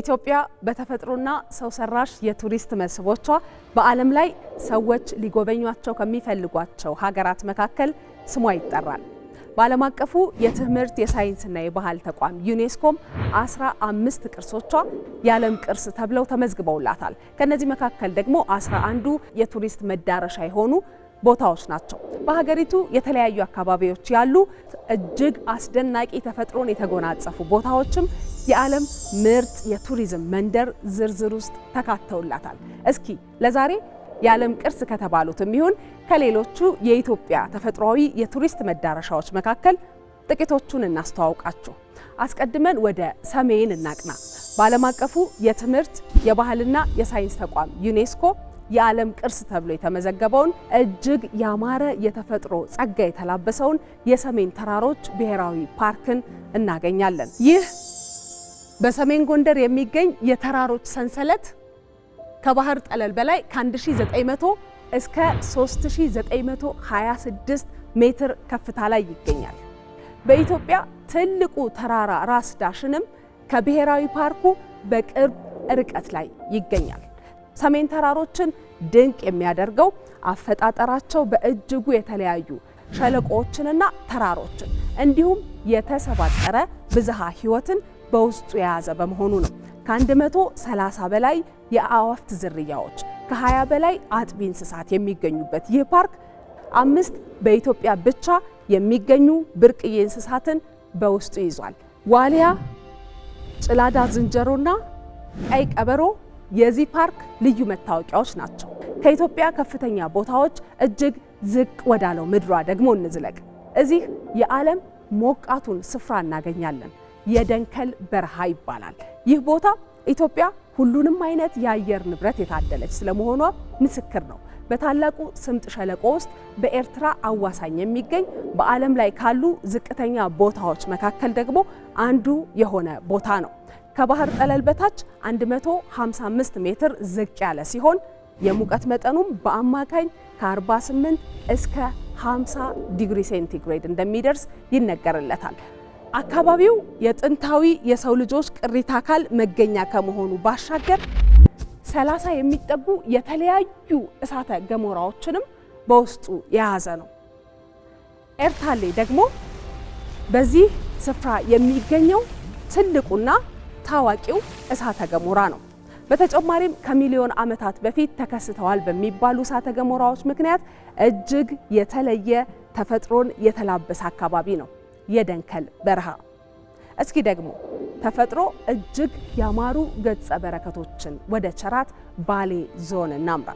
ኢትዮጵያ በተፈጥሮና ሰው ሰራሽ የቱሪስት መስህቦቿ በዓለም ላይ ሰዎች ሊጎበኟቸው ከሚፈልጓቸው ሀገራት መካከል ስሟ ይጠራል። በዓለም አቀፉ የትምህርት የሳይንስና የባህል ተቋም ዩኔስኮም አስራ አምስት ቅርሶቿ የዓለም ቅርስ ተብለው ተመዝግበውላታል። ከእነዚህ መካከል ደግሞ አስራ አንዱ የቱሪስት መዳረሻ የሆኑ ቦታዎች ናቸው። በሀገሪቱ የተለያዩ አካባቢዎች ያሉ እጅግ አስደናቂ ተፈጥሮን የተጎናጸፉ ቦታዎችም የዓለም ምርጥ የቱሪዝም መንደር ዝርዝር ውስጥ ተካተውላታል። እስኪ ለዛሬ የዓለም ቅርስ ከተባሉትም ይሁን ከሌሎቹ የኢትዮጵያ ተፈጥሯዊ የቱሪስት መዳረሻዎች መካከል ጥቂቶቹን እናስተዋውቃችሁ። አስቀድመን ወደ ሰሜን እናቅና። በዓለም አቀፉ የትምህርት የባህልና የሳይንስ ተቋም ዩኔስኮ የዓለም ቅርስ ተብሎ የተመዘገበውን እጅግ ያማረ የተፈጥሮ ጸጋ የተላበሰውን የሰሜን ተራሮች ብሔራዊ ፓርክን እናገኛለን። ይህ በሰሜን ጎንደር የሚገኝ የተራሮች ሰንሰለት ከባህር ጠለል በላይ ከ1900 እስከ 3926 ሜትር ከፍታ ላይ ይገኛል። በኢትዮጵያ ትልቁ ተራራ ራስ ዳሽንም ከብሔራዊ ፓርኩ በቅርብ ርቀት ላይ ይገኛል። ሰሜን ተራሮችን ድንቅ የሚያደርገው አፈጣጠራቸው በእጅጉ የተለያዩ ሸለቆዎችንና ተራሮችን እንዲሁም የተሰባጠረ ብዝሃ ሕይወትን በውስጡ የያዘ በመሆኑ ነው። ከ130 በላይ የአዋፍት ዝርያዎች፣ ከ20 በላይ አጥቢ እንስሳት የሚገኙበት ይህ ፓርክ አምስት በኢትዮጵያ ብቻ የሚገኙ ብርቅዬ እንስሳትን በውስጡ ይዟል። ዋልያ፣ ጭላዳ ዝንጀሮና ቀይ ቀበሮ የዚህ ፓርክ ልዩ መታወቂያዎች ናቸው። ከኢትዮጵያ ከፍተኛ ቦታዎች እጅግ ዝቅ ወዳለው ምድሯ ደግሞ እንዝለቅ። እዚህ የዓለም ሞቃቱን ስፍራ እናገኛለን። የደንከል በረሃ ይባላል። ይህ ቦታ ኢትዮጵያ ሁሉንም አይነት የአየር ንብረት የታደለች ስለመሆኗ ምስክር ነው። በታላቁ ስምጥ ሸለቆ ውስጥ በኤርትራ አዋሳኝ የሚገኝ በዓለም ላይ ካሉ ዝቅተኛ ቦታዎች መካከል ደግሞ አንዱ የሆነ ቦታ ነው። ከባህር ጠለል በታች 155 ሜትር ዝቅ ያለ ሲሆን የሙቀት መጠኑም በአማካኝ ከ48 እስከ 50 ዲግሪ ሴንቲግሬድ እንደሚደርስ ይነገርለታል። አካባቢው የጥንታዊ የሰው ልጆች ቅሪተ አካል መገኛ ከመሆኑ ባሻገር 30 የሚጠጉ የተለያዩ እሳተ ገሞራዎችንም በውስጡ የያዘ ነው። ኤርታሌ ደግሞ በዚህ ስፍራ የሚገኘው ትልቁና ታዋቂው እሳተ ገሞራ ነው። በተጨማሪም ከሚሊዮን ዓመታት በፊት ተከስተዋል በሚባሉ እሳተ ገሞራዎች ምክንያት እጅግ የተለየ ተፈጥሮን የተላበሰ አካባቢ ነው የደንከል በረሃ። እስኪ ደግሞ ተፈጥሮ እጅግ ያማሩ ገጸ በረከቶችን ወደ ቸራት ባሌ ዞን እናምራ።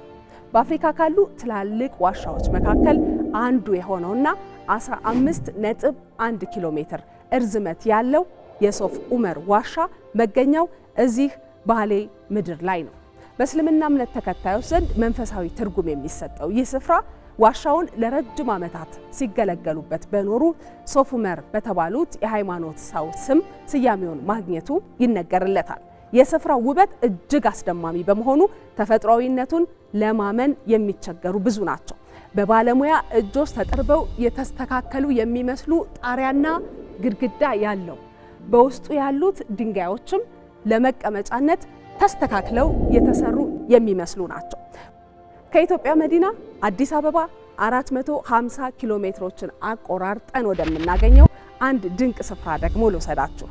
በአፍሪካ ካሉ ትላልቅ ዋሻዎች መካከል አንዱ የሆነውና 15 ነጥብ 1 ኪሎ ሜትር እርዝመት ያለው የሶፍ ዑመር ዋሻ መገኛው እዚህ ባሌ ምድር ላይ ነው። በእስልምና እምነት ተከታዮች ዘንድ መንፈሳዊ ትርጉም የሚሰጠው ይህ ስፍራ ዋሻውን ለረጅም ዓመታት ሲገለገሉበት በኖሩ ሶፍ ዑመር በተባሉት የሃይማኖት ሰው ስም ስያሜውን ማግኘቱ ይነገርለታል። የስፍራው ውበት እጅግ አስደማሚ በመሆኑ ተፈጥሯዊነቱን ለማመን የሚቸገሩ ብዙ ናቸው። በባለሙያ እጆች ተጠርበው የተስተካከሉ የሚመስሉ ጣሪያና ግድግዳ ያለው በውስጡ ያሉት ድንጋዮችም ለመቀመጫነት ተስተካክለው የተሰሩ የሚመስሉ ናቸው። ከኢትዮጵያ መዲና አዲስ አበባ 450 ኪሎ ሜትሮችን አቆራርጠን ወደምናገኘው አንድ ድንቅ ስፍራ ደግሞ ልውሰዳችሁ።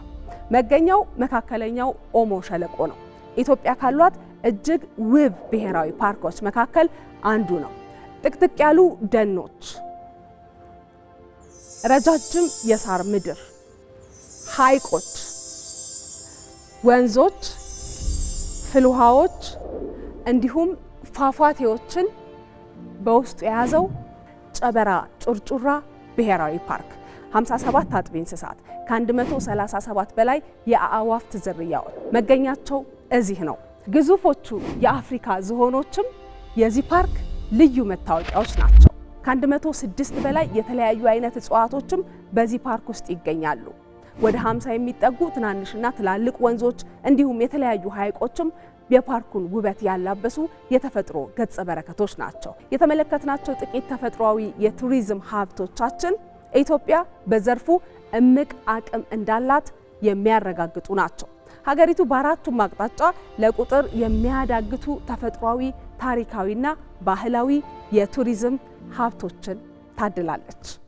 መገኛው መካከለኛው ኦሞ ሸለቆ ነው። ኢትዮጵያ ካሏት እጅግ ውብ ብሔራዊ ፓርኮች መካከል አንዱ ነው። ጥቅጥቅ ያሉ ደኖች፣ ረጃጅም የሳር ምድር ሐይቆች፣ ወንዞች፣ ፍል ውሃዎች እንዲሁም ፏፏቴዎችን በውስጡ የያዘው ጨበራ ጩርጩራ ብሔራዊ ፓርክ 57 አጥቢ እንስሳት ከ137 በላይ የአእዋፍት ዝርያዎች መገኛቸው እዚህ ነው። ግዙፎቹ የአፍሪካ ዝሆኖችም የዚህ ፓርክ ልዩ መታወቂያዎች ናቸው። ከ106 በላይ የተለያዩ አይነት እጽዋቶችም በዚህ ፓርክ ውስጥ ይገኛሉ። ወደ 50 የሚጠጉ ትናንሽና ትላልቅ ወንዞች እንዲሁም የተለያዩ ሐይቆችም የፓርኩን ውበት ያላበሱ የተፈጥሮ ገጸ በረከቶች ናቸው። የተመለከትናቸው ጥቂት ተፈጥሯዊ የቱሪዝም ሀብቶቻችን ኢትዮጵያ በዘርፉ እምቅ አቅም እንዳላት የሚያረጋግጡ ናቸው። ሀገሪቱ በአራቱም አቅጣጫ ለቁጥር የሚያዳግቱ ተፈጥሯዊ፣ ታሪካዊና ባህላዊ የቱሪዝም ሀብቶችን ታድላለች።